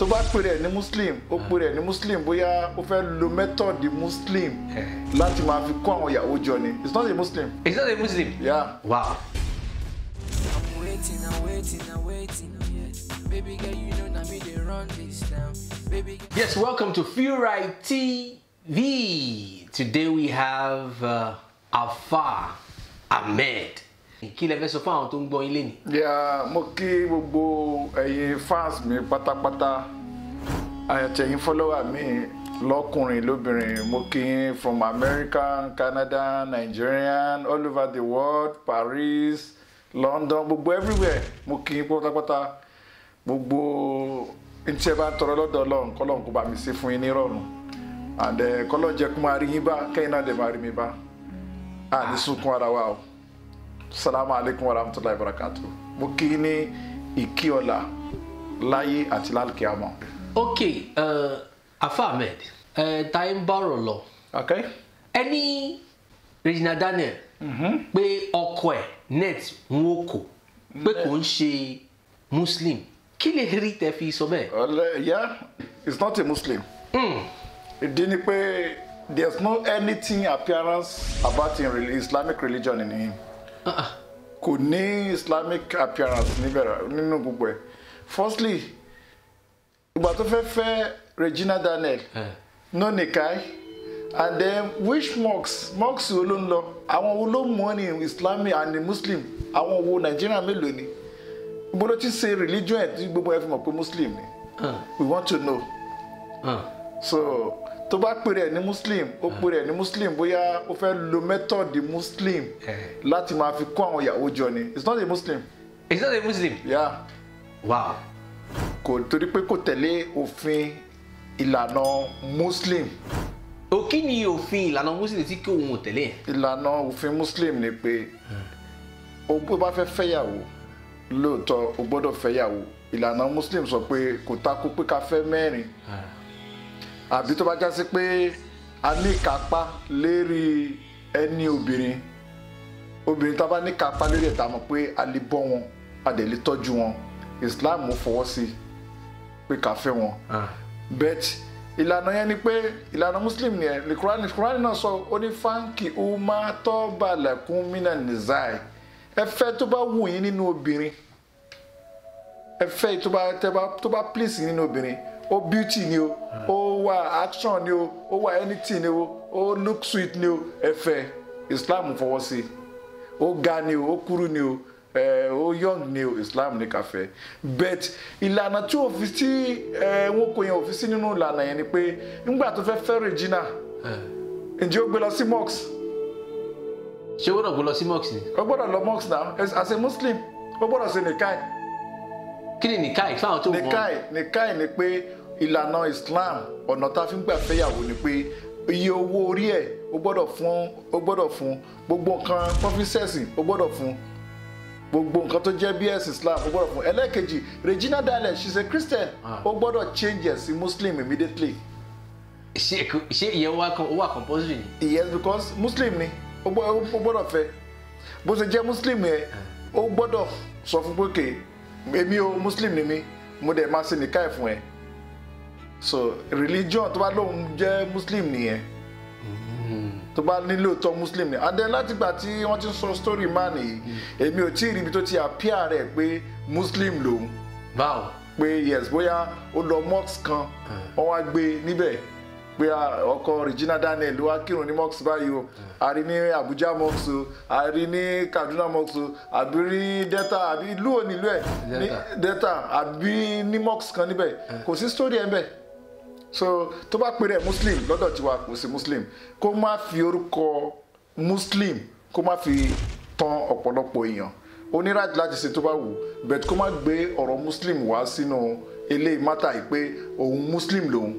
tó bá pè rẹ̀ ní muslim ó ah. pè rẹ̀ ní muslim bóyá ó fẹ́ lo method muslim eh. láti máa fi kó àwọn ìyàwó jọ ni it's not a muslim. it's not a muslim. yeah. wow. Yes, welcome to Feel Right TV. Today we have uh, Afar Ahmed kí lẹ fẹ́ sọ fún àwọn tó ń gbọ́ yín lénìí. mo kí gbogbo ẹ̀yin fans mi pátápátá àtẹ̀yìn fọ́lọ́wà mi lọ́kùnrin lóbìnrin mo kí yín from America Canada Nigerian, all over the world Paris London gbogbo everywhere mo kí yín pátápátá gbogbo n tí ẹ bá ń tọrọ lọ́dọ̀ Ọlọ́run kọ́lọ́run kó bá mi ṣe fún yín ní ìrọ̀rùn and eh, kọ́lọ́run jẹ́ kó máa rí yín bá kẹ́yìn náà dẹ̀ máa rí mi bá àní ara wa o salamu alaykum wa rahmatulahi wa barakatu mo kí ní ìkí ọ̀la láyé àti lálùkì àmọ́. ok uh, eh, afa ahmed uh, ta ń bọ̀rọ̀ lọ ẹni regina daniel mhm. pé ọkọ ẹ̀ net ń wò pé kò ń ṣe muslim kí lè rí tẹ fi sọ bẹ́ẹ̀. ọ̀lẹ́ ya it's not a muslim. Hmm. ìdí mm. ni pé there's no anything appearance about him, islamic religion in him kò ní islamic appearance níbẹ̀rẹ̀ nínú gbogbo ẹ̀ firstly ìgbà tó fẹ́ fẹ́ Regina Daniel no nikai and then which mosques mosques wo ló ń lọ àwọn wo ló mọ̀ ní islamic and the muslim àwọn wo Nigeria mélòó ni ibo ló ti ṣe religion ẹ̀ tí gbogbo ẹ̀ fi mọ̀ pé muslim ni we want to know. Uh. So tó bá pèrè ní muslim ó pèrè ní muslim bóyá ó fẹ́ lo method muslim eh. láti máa fi kó àwọn ìyàwó jọ ni it's not a muslim. it's not a muslim. yeah. wow. kò torí pé kò tẹ̀lé òfin ìlànà muslim. o kí ni òfin ìlànà muslim tí kò òun ò tẹ̀lé. ìlànà òfin muslim ni pé o bá fẹ́ fẹ́yàwó lóòótọ́ o gbọ́dọ̀ fẹ́yàwó ìlànà muslim sọ pé kò takò pé ká fẹ́ mẹ́rin. Hmm àbí tó bá já sí pé a ní ìkápá lérí ẹni obìnrin obìnrin tá a bá ní ìkápá lérí ẹ̀ tá a mọ̀ pé a lè bọ́ wọn a dẹ̀ lè tọ́jú wọn Islam fọwọ́ sí pé ká fẹ́ wọn bet ìlànà yẹn ni pé ìlànà Muslim ni ẹ ní Quran Quran náà sọ ó ní fáńkì uma tọ́ba lẹ́kún mina nìzáì ẹ fẹ́ tó bá wù yín nínú obìnrin ẹ tó bá tó bá please nínú obìnrin O beauty ni o o wa action ni o o wa anything ni o o look sweet ni o ẹ̀fẹ̀ islam fọwọ́ sí ó ga ni o o kuru ni o o young ni o islam ní kàfẹ́ but ìlànà tí òfin tí wọn kò yẹn òfin nínú ìlànà yẹn ni pé nígbà tó fẹ́ fẹ́ regina ǹjẹ́ ó gbé lọ sí mosque ṣé o gbọ́dọ̀ gbé lọ sí mosque ni. o gbọ́dọ̀ lọ mosque na, as, a muslim o gbọ́dọ̀ ṣe nìkai. kí ni nìkai fáwọn tó mọ. nìkai nìkai ni pé ìlànà Islam ọ̀nà tá a fi ń gbà fẹ́yàwó ni pé iye owó orí ẹ̀ ó gbọ́dọ̀ fún ó gbọ́dọ̀ fún gbogbo nǹkan pọ́fíṣẹ́sì ó gbọ́dọ̀ fún gbogbo nǹkan tó jẹ́ bí ẹ̀sìn Islam ó gbọ́dọ̀ fún ẹlẹ́ẹ̀kejì Regina Daniel she is a Christian ah. ó gbọ́dọ̀ change ẹ̀ sí Muslim immediately. ṣé ṣé ìyẹn wà compulsory ni. yes because Muslim ni ó gbọ́dọ̀ fẹ́ bó ṣe jẹ́ Muslim yẹn ó gbọ́dọ̀ sọ fún pé kè èmi o Muslim ni mi mo dẹ̀ máa ṣe nìkan ẹ̀ fún ẹ so religion tó bá lóun jẹ́ muslim nìyẹn tó bá nílò tọ́ muslim ni and then látìgbà tí wọ́n ti sọ story man yìí èmi ò tí ì ríbi tó ti appear rẹ̀ pé muslim lòun báwo pé yes bóyá ó lọ mosque kan hmm. wọ́n wá gbé níbẹ̀ pé ọkọ regina daniel ló wá kírun ní mosque báyìí o hmm. a rí ní abuja mosque o a rí ní kaduna mosque o àbí rí delta àbí ìlú òní ìlú ẹ̀ delta àbí ní mosque kan níbẹ̀ hmm. kò sí story ẹ̀ bẹ́ẹ̀ so tó bá pèrè muslim lọ́dọ̀ tiwa kò sí muslim kó má fi orúkọ muslim kó má fi tan ọ̀pọ̀lọpọ̀ èèyàn onírájì láti ṣe tó bá wù bẹ̀t kó má gbé ọ̀rọ̀ muslim wá sínú eléyìí mátà yìí pé òun muslim lòun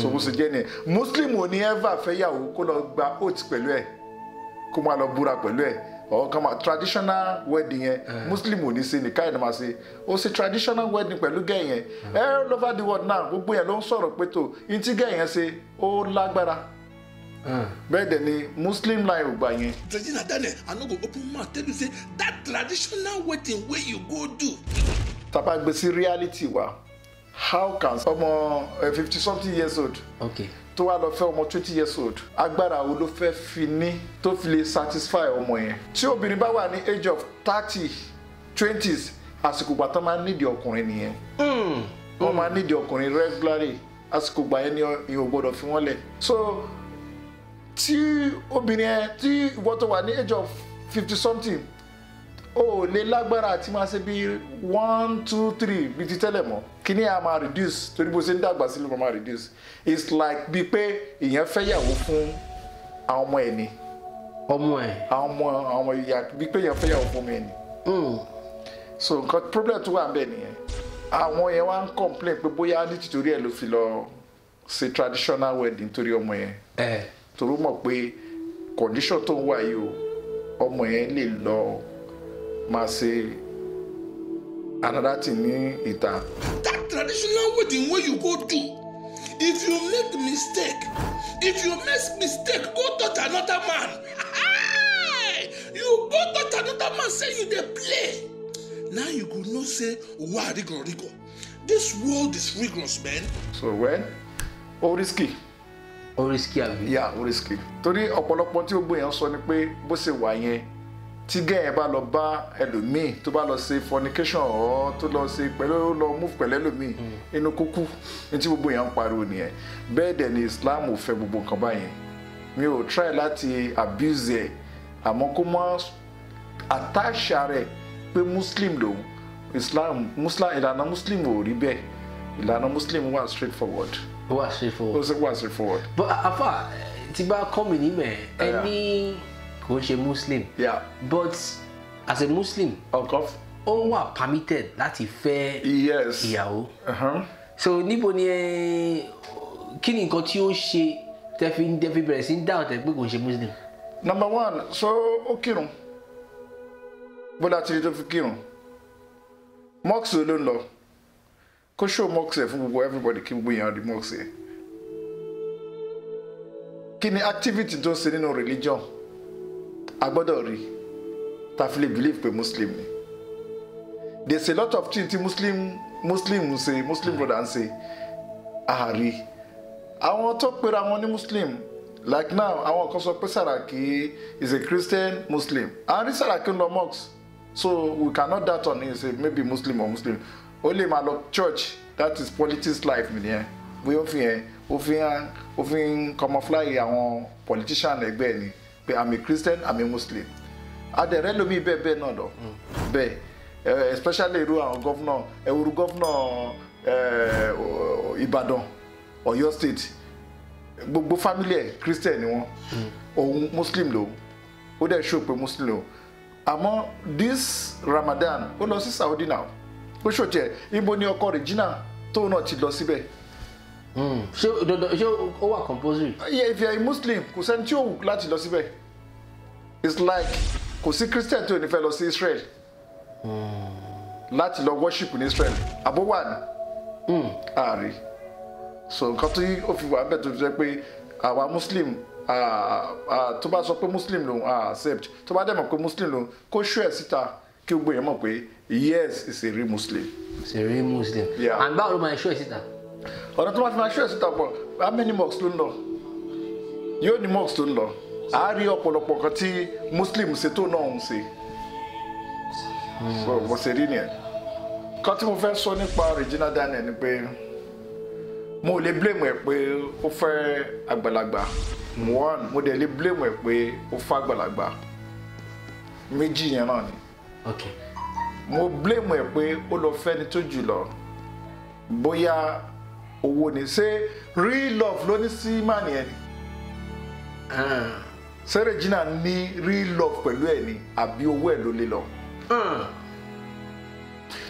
so bó ṣe jẹ́ nìyẹn muslim ò ní ẹ́fà fẹ́yàwó kó lọ gba oath pẹ̀lú ẹ̀ kó má lọ búra pẹ̀lú ẹ̀ or kama traditional wedding yẹn eh, eh. muslim ò ní ṣe nìka ẹ̀ ní ma ṣe ó ṣe traditional wedding pẹ̀lú gẹ̀ yẹn eh. all over the world now gbogbo yẹn ló ń sọ̀rọ̀ pé tó ìtí gẹ̀ yẹn ṣe ó lágbára bẹ́ẹ̀ dẹ̀ ni muslim line ò gbà yẹn. regina daniel i no go open mouth tell you say that traditional wedding wey you go do. tá a reality wa. Wow how can ọmọ eh, fifty something years old okay. tó wá lọ fẹ́ ọmọ twenty years old agbára wo ló fẹ́ fi ní tó fi lè satisfy ọmọ yẹn tí obìnrin bá wà ní age of thirty twenties àsìkò gbà tán máa nídìí ọkùnrin nìyẹn hmm. wọ́n máa hmm. nídìí ọkùnrin regularly àsìkò gbà yẹn ni ìhò gbọ́dọ̀ fi wọ́n lẹ̀ so tí obìnrin yẹn tí ìwọ tó wà ní age of fifty something o ò lè lágbára àti máa ṣe one two three bíi ti tẹ́lẹ̀ mọ́ kíní a máa reduce torí bó ṣe ń dàgbà sí ló máa reduce it's like bíi pé èèyàn fẹ́ yàwó fún àwọn ọmọ ẹ̀ ni. ọmọ ẹ̀. àwọn ọmọ àwọn ọmọ ìyá bíi pé èèyàn fẹ́ yàwó ọmọ ẹ̀ ni. Hmm. so nǹkan problem to wà ń bẹ nìyẹn àwọn yẹn wá ń complain pé bóyá nítorí ẹ̀ ló fi lọ ṣe traditional wedding torí ọmọ yẹn. torí mọ̀ pé condition to ń wà yìí o ọmọ yẹn lè lọ máa ṣe another thing ní ìta. that traditional wedding wey you go do if you make mistake if you make mistake go touch another man you go touch another man say you dey play now you go know say oh, owa rigor rigor this world is rigorous man. so when, o oh, risky. o risky abi. ya yeah, o risky. torí ọ̀pọ̀lọpọ̀ tí ó gbé yẹn sọ ni pé bó ṣe wà yẹn tí gẹ́ẹ̀ bá lọ bá ẹlòmíì tó bá lọ ṣe fornication ọ̀ tó lọ ṣe pẹ̀lú lọ move pẹ̀lú ẹlòmíì hmm. inú kúkú ní tí gbogbo yẹn ń pariwo nìyẹn bẹ́ẹ̀ dẹ̀ ni Islam ò fẹ́ gbogbo nǹkan báyẹn mi ò try láti abuse ẹ̀ àmọ́ kó mọ́ attach rẹ̀ pé Muslim lòun Islam Muslim ìlànà Muslim ò rí bẹ́ẹ̀ ìlànà Muslim wà straightforward. wà straightforward. wà straightforward. but afa tí bá kọ́ mi nímẹ̀ ẹ ní. Yeah kò ń ṣe muslim yeah. but as a muslim ó wà permitted láti fẹ́ ìyàwó uh-huh. so níbo ni kí ni nǹkan tí ó ṣe tẹ́fí tẹ́fí bẹ̀rẹ̀ sí ń dá ọ̀tẹ̀ pé kò ń ṣe muslim. number one so ó kírun bọ́lá tí tó fi kírun mọ́ọ̀sì ló ń lọ kó ṣó mọ́ọ̀sì ẹ̀ fún gbogbo everybody kí gbogbo èèyàn rí mọ́ọ̀sì ẹ̀ kí ni activity tó ṣe nínú religion a gbọ́dọ̀ rí ta fi lè believe pé muslim ni there is a lot of things ti muslim muslim ń say muslim brother ń ṣe àárí àwọn tó pera wọn ní muslim like now àwọn kan sọ pé Saraki is a christian muslim and rí Saraki ń lọ mosque so we cannot doubt on him say maybe muslim or muslim ó lè máa lọ church that is politics life nìyẹn bóyá ó fi hàn ó fi camouflage àwọn politician ẹgbẹ́ ni pé i'm a christian i'm a muslim adẹ̀rẹ́ lomi bẹ́ẹ̀ bẹ́ẹ̀ náà lọ bẹ́ẹ̀ eh, especially irú àwọn gọ́fúnà ẹ̀wùrú gọ́fúnà ìbàdàn ọ̀yọ́ state gbogbo family ẹ̀ christian ni wọ́n òun muslim lòun ó dẹ̀ ṣó pé muslim lòun àmọ́ this ramadan ó lọ sí saudi now ó ṣòtì ẹ̀ ibo ni ọkọ regina tóun náà ti lọ síbẹ̀. Si Hmm. ṣé dandan ṣé ó wà compulsory. yeah if you are a muslim kò sẹ́ni tí ò wù láti lọ síbẹ̀ it's like kò sí christian tí ò ní fẹ́ lọ sí israel hmm. láti lọ worship ní israel àbó wà ní ààrí hmm. so nǹkan tí ó fi wà bẹ́ẹ̀ tó jẹ́ pé àwa muslim tó bá sọ pé muslim lòun accept tó bá dẹ̀ mọ̀ pé muslim lòun kó ṣú ẹ̀ síta kí gbogbo èèyàn mọ̀ pé yes is a real muslim. is a real muslim. Yeah. and báwo ló máa ṣú ẹ̀ síta ọ̀nà tó bá fi máa ṣú ẹ̀sìn tàpọ̀ how many mosques ló ń lọ yóò ní mosques tó ń lọ a rí ọ̀pọ̀lọpọ̀ nǹkan tí muslim ṣe tó náà ń ṣe bó ṣe rí nìyẹn kan tí mo fẹ́ sọ nípa Regina Daniel ni pé mo lè blame ẹ̀ pé ó fẹ́ àgbàlagbà one mo dẹ̀ lè blame ẹ̀ pé ó fẹ́ àgbàlagbà méjì yẹn náà ni mo blame ẹ̀ pé ó lọ fẹ́ni tó jù lọ bóyá owó ni ṣé real love ló ní sí màní ẹ ah. ṣé Regina ní real love pẹ̀lú ẹ ni àbí owó ẹ ló lé lọ ah.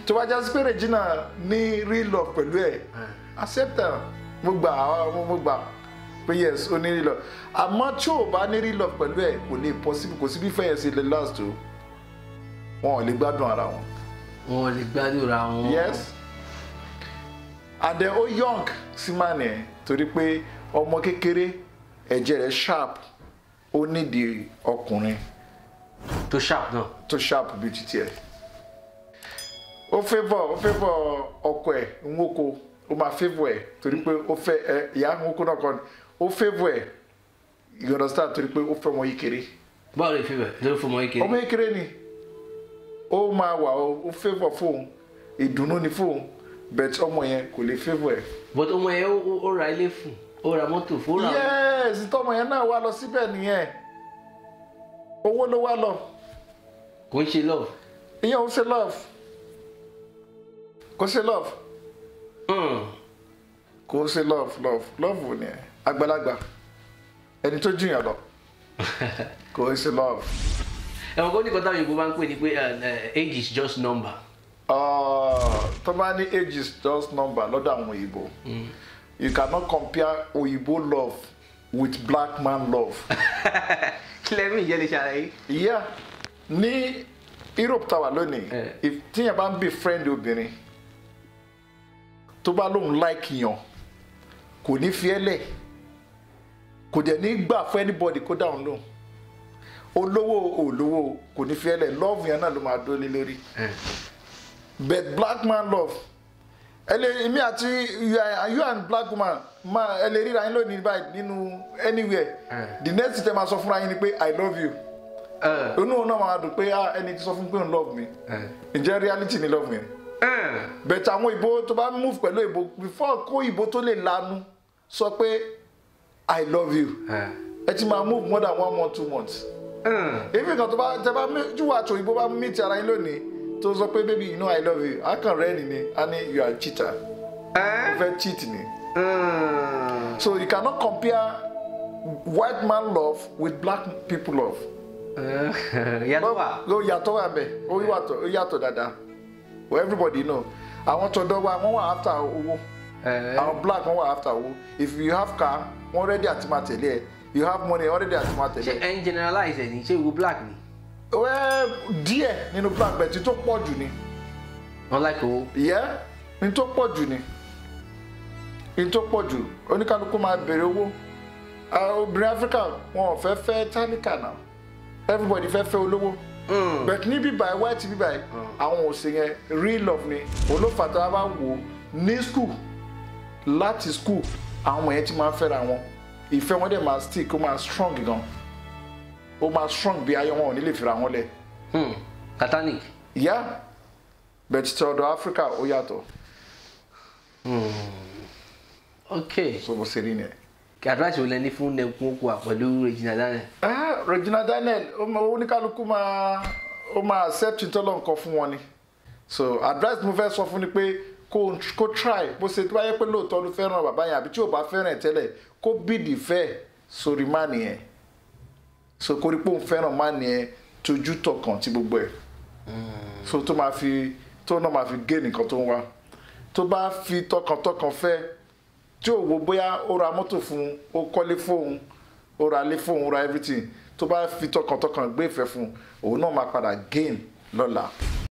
tó bá jásí pé Regina ní real love pẹ̀lú ẹ ah. accept am mo gbà àwọn mo gbà pé yes ó ní real love àmọ́ tí ò bá ní real love pẹ̀lú ẹ kò lè possible kò sí bí fẹ́yẹ̀ sí lè last o wọn ò lè gbádùn ara wọn. wọn ò lè gbádùn ara wọn. yes. and then ó sí torí pé ọmọ kékeré ẹ̀jẹ̀ sharp ó nídìí ọkùnrin. tó sharp náà. tó sharp bíi ti tiẹ̀. ó favour ó favour ọkọ ẹ̀ nwoko ó máa favour ẹ̀ torí pé ó fẹ́ ìyá nwoko náà kọ́ ni ó you understand torí pé ó fẹ́ ọmọ yìí kéré. báwo lè favour ló ọmọ yìí kéré. ọmọ yìí kéré ni ó máa wà ó fóun ni fóun but ọmọ yẹn kò lè favour ẹ. but ọmọ yẹn ó ra ilé fún ó ra mọ́tò fún ó ra. yes tọmọ yẹn náà wá lọ síbẹ̀ nìyẹn owó ló wá lọ. kò ń ṣe love. ìyẹn ò ń ṣe love kò ṣe love. Hmm. kò ṣe love love love ò ní ẹ àgbàlagbà ẹni tó jìyàn lọ kò ṣe love. ẹ̀wọ̀n kó ní kọ́tà òyìnbó máa ń pè ní pé uh, uh, age is just number. Uh, tó bá ní age is just number lọ́dọ̀ àwọn òyìnbó you cannot compare òyìnbó love with black man love. kílẹ̀mí ìyẹn lè ṣàlàyé. ìyá ní Europe tàwa lónìí eh. tíyẹn bá ń befriend obìnrin tó bá lóun like yàn kò ní fi ẹ́ lẹ̀ kò dẹ̀ ní gbà fún anybody kó dáhùn lóhùn olówó olówó kò ní fi love yẹn náà ló máa dólé lórí. Eh but black man love ẹlẹ èmi àti you and black woman ma ẹlẹ ríra yín lónìí báyìí nínú anywhere eh. the next time a sọ fúnra yín ni pé i love you eh. inú òun náà máa dùn pé ah, ẹni tí sọ fún pé òun love me eh. ǹjẹ́ reality ni love me but àwọn ìbò tó bá move pẹ̀lú ìbò before kó ìbò tó lè lanu sọ pé i love you ẹ ti máa move more than one month two months èmi kan tó bá tẹ bá júwàá tó ìbò bá meet ara yín lónìí tó sọ pé baby you know i love you akàn rẹ nìyẹn a ní you are a cheater o fẹ́ cheat ni hmm. so you cannot compare white man love with black people love. yàtọ̀ wà. yàtọ̀ wà bẹ́ẹ̀ ó yàtọ̀ dada. well everybody know àwọn tọ̀dọ̀ wa wọ́n wà after owó àwọn black wọ́n wà after owó if you have car wọ́n ready àti máa tẹ̀lé ẹ you have money already àti máa tẹ̀lé ẹ. ṣe ẹ ń generalize ẹ ní ṣé ìwo black ni díẹ̀ nínú plan bẹ̀tì tó pọ̀ jù ni. wọ́n láì kó. yẹ́ ní tó pọ̀ jù ni ní tó pọ̀ jù oníkálukú máa bèrè owó obìnrin Áfíríkà wọn ò fẹ́ fẹ́ tálíkà náà everybody fẹ́ fẹ́ olówó hmm. but ní bíbá ẹ wáìtì bíbá ẹ hmm. àwọn òsè yẹn real love ni olófàtà bá wò ní school láti school àwọn yẹn ti máa fẹ́ra wọn ìfẹ́ wọn dẹ̀ máa stick ó máa strong gan ó máa strong bí ayé wọn ò ní lè fira wọn lẹ. Catholic. Hmm, yá bẹ̀ẹ̀ ti ọ̀dọ̀ Africa ó yàtọ̀. Hmm, ok. so bó ṣe rí nìyẹn advice wo lẹ ní fún Nkunkwa pẹ̀lú Regina Daniel. ah Regina Daniel ó ní kálukú máa ó máa accept ìtọ́lọ̀ nǹkan fún wọn ni so advice mo fẹ́ sọ fún ni pé kó kó try bó ṣe tó bá yẹ pé lóòótọ́ ló fẹ́ràn bàbá yẹn àbí tí ò bá fẹ́ràn ẹ̀ tẹ́lẹ̀ kó bìdì fẹ́ sórí má nìyẹn so korípò ń fẹ́ràn má ní ẹ tójú tọkàn ti gbogbo ẹ̀ so tó máa fi tó náà máa fi gé nìkan tó ń wá tó bá fi tọkàntọkàn fẹ́ tí ò wo bóyá ó ra mọ́tò fún un ó kọ́lé fóun ó ra ilé fóun ó ra everything tó bá fi tọkàntọkàn gbé ìfẹ́ fún un òun náà máa padà gain lọ́la.